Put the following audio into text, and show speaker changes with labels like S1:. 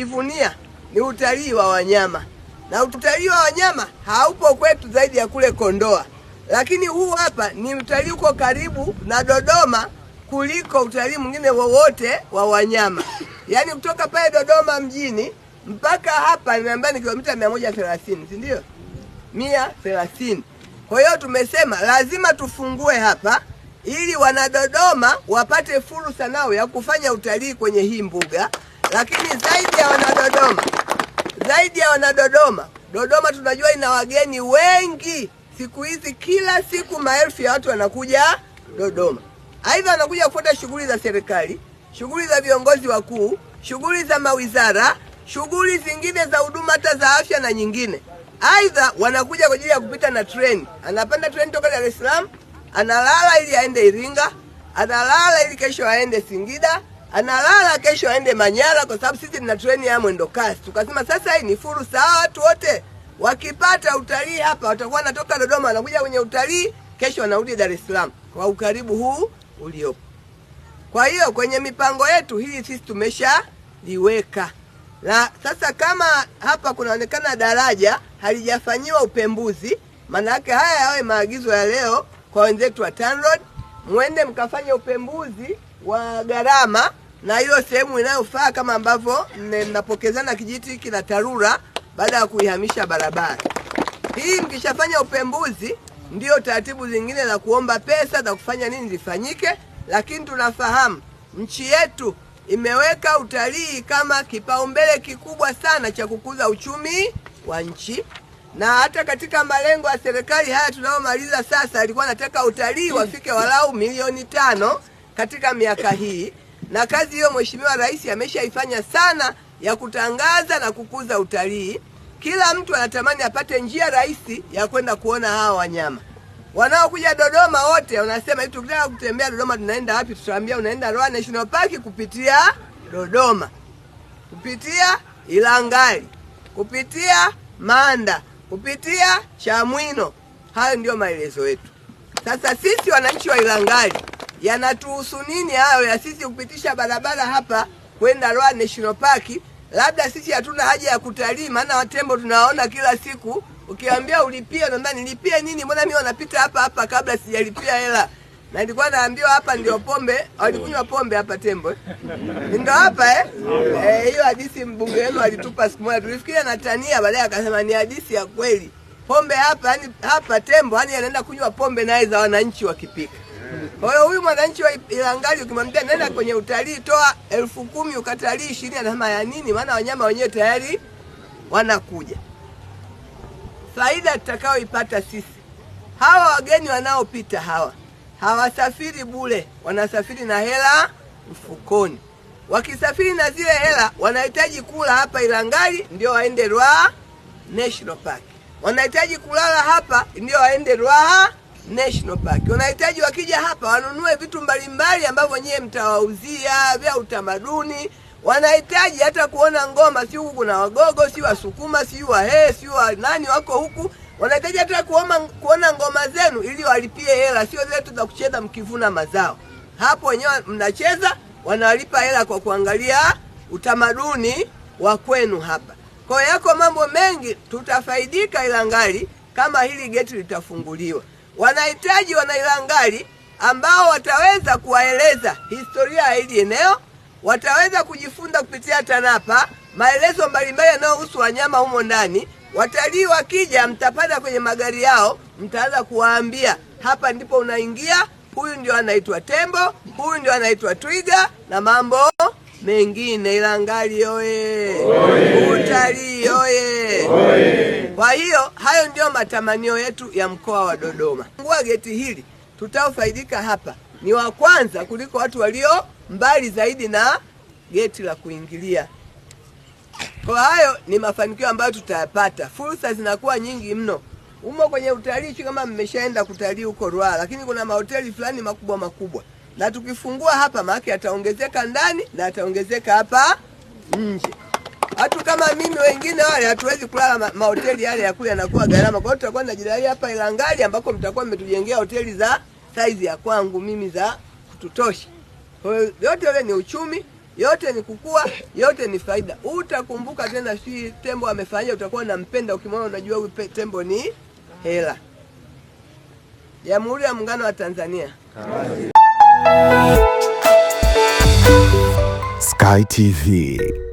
S1: Ivunia ni utalii wa wanyama na utalii wa wanyama haupo kwetu zaidi ya kule Kondoa, lakini huu hapa ni utalii uko karibu na Dodoma kuliko utalii mwingine wowote wa wanyama. Yaani kutoka pale Dodoma mjini mpaka hapa nimeambia ni kilomita mia moja thelathini, si ndio? mia thelathini. Kwa hiyo tumesema lazima tufungue hapa ili wanadodoma wapate fursa nao ya kufanya utalii kwenye hii mbuga. Lakini zaidi ya wanadodoma, zaidi ya wanadodoma, Dodoma tunajua ina wageni wengi siku hizi, kila siku maelfu ya watu wanakuja Dodoma. Aidha wanakuja kufuata shughuli za serikali, shughuli za viongozi wakuu, shughuli za mawizara, shughuli zingine za huduma hata za afya na nyingine. Aidha wanakuja kwa ajili ya kupita na treni, anapanda treni toka Dar es Salaam analala ili aende Iringa, analala ili kesho aende Singida analala, kesho aende Manyara, kwa sababu sisi tuna treni ya mwendo kasi. Tukasema sasa hii ni fursa, hawa watu wote wakipata utalii hapa watakuwa wanatoka Dodoma wanakuja kwenye utalii, kesho wanarudi Dar es Salaam kwa ukaribu huu uliopo. Kwa hiyo kwenye mipango yetu hili sisi tumeshaliweka na sasa, kama hapa kunaonekana daraja halijafanyiwa upembuzi, maana yake haya yawe maagizo ya leo kwa wenzetu wa TANROADS, mwende mkafanye upembuzi wa gharama na hiyo sehemu inayofaa kama ambavyo mnapokezana kijiti kina TARURA baada ya kuihamisha barabara hii. Mkishafanya upembuzi, ndio taratibu zingine za kuomba pesa za kufanya nini zifanyike, lakini tunafahamu nchi yetu imeweka utalii kama kipaumbele kikubwa sana cha kukuza uchumi wa nchi, na hata katika malengo ya serikali haya tunayomaliza sasa, alikuwa anataka utalii wafike walau milioni tano katika miaka hii na kazi hiyo Mheshimiwa Rais ameshaifanya sana ya kutangaza na kukuza utalii. Kila mtu anatamani apate njia rahisi ya kwenda kuona hawa wanyama wanaokuja Dodoma. Wote wanasema hivi, tukitaka kutembea Dodoma tunaenda wapi? Tutaambia unaenda Ruaha National Park kupitia Dodoma, kupitia Ilangali, kupitia Manda, kupitia Chamwino. Hayo ndio maelezo yetu. Sasa sisi wananchi wa Ilangali yanatuhusu nini hayo ya sisi kupitisha barabara hapa kwenda Ruaha National Park? Labda sisi hatuna haja ya kutalii, maana watembo tunawaona kila siku. Ukiambia ulipie, unaambia nilipie nini? Mbona mimi wanapita hapa hapa kabla sijalipia hela. Na nilikuwa naambiwa hapa ndio pombe, walikunywa pombe hapa tembo. Ndio hapa eh? Eh, hiyo hadithi mbunge wenu alitupa siku moja. Tulifikiria na tania, baadaye akasema ni hadithi ya kweli. Pombe hapa, yani hapa tembo, yani anaenda kunywa pombe naye za wananchi wakipika. Kwa hiyo huyu mwananchi wa Ilangali ukimwambia nenda kwenye utalii, toa elfu kumi ukatalii ishirini, anasema ya nini? Maana wanyama wenyewe tayari wanakuja. Faida tutakayoipata sisi, hawa wageni wanaopita hawa hawasafiri bure, wanasafiri na hela mfukoni. Wakisafiri na zile hela, wanahitaji kula hapa Ilangali ndio waende Ruaha National Park, wanahitaji kulala hapa ndio waende Ruaha National Park. Unahitaji wakija hapa wanunue vitu mbalimbali ambavyo nyewe mtawauzia vya utamaduni. Wanahitaji hata kuona ngoma, si huku kuna Wagogo, si Wasukuma, si Wahe, si wa nani wako huku. Wanahitaji hata kuoma, kuona ngoma zenu ili walipie hela, sio zile tu za kucheza mkivuna mazao. Hapo wenyewe mnacheza, wanawalipa hela kwa kuangalia utamaduni wa kwenu hapa. Kwa yako mambo mengi tutafaidika Ilangali kama hili geti litafunguliwa. Wanahitaji wanailangali ambao wataweza kuwaeleza historia ya hili eneo, wataweza kujifunza kupitia TANAPA maelezo mbalimbali yanayohusu wanyama humo ndani. Watalii wakija, mtapanda kwenye magari yao, mtaanza kuwaambia hapa ndipo unaingia, huyu ndio anaitwa tembo, huyu ndio anaitwa twiga na mambo mengine. Ilangali oye! Utalii
S2: oye!
S1: Kwa hiyo hayo ndio matamanio yetu ya mkoa wa Dodoma. Fungua geti hili, tutaofaidika hapa ni wa kwanza kuliko watu walio mbali zaidi na geti la kuingilia. Kwa hayo ni mafanikio ambayo tutayapata. Fursa zinakuwa nyingi mno. Umo kwenye utalii tu, kama mmeshaenda kutalii huko Ruaha, lakini kuna mahoteli fulani makubwa makubwa, na tukifungua hapa maake yataongezeka ndani na yataongezeka hapa nje hatu kama mimi wengine wale hatuwezi kulala ma, mahoteli yale ya kule yanakuwa gharama. Kwa hiyo tutakuwa tunajilalia hapa Ilangali ambako mtakuwa mmetujengea hoteli za saizi ya kwangu mimi za kututosha. Kwa hiyo yote yale ni uchumi, yote ni kukua, yote ni faida. Utakumbuka tena si tembo amefanya, utakuwa unampenda, ukimwona unajua huyu tembo ni hela. Jamhuri ya Muungano wa Tanzania. Amen. Sky TV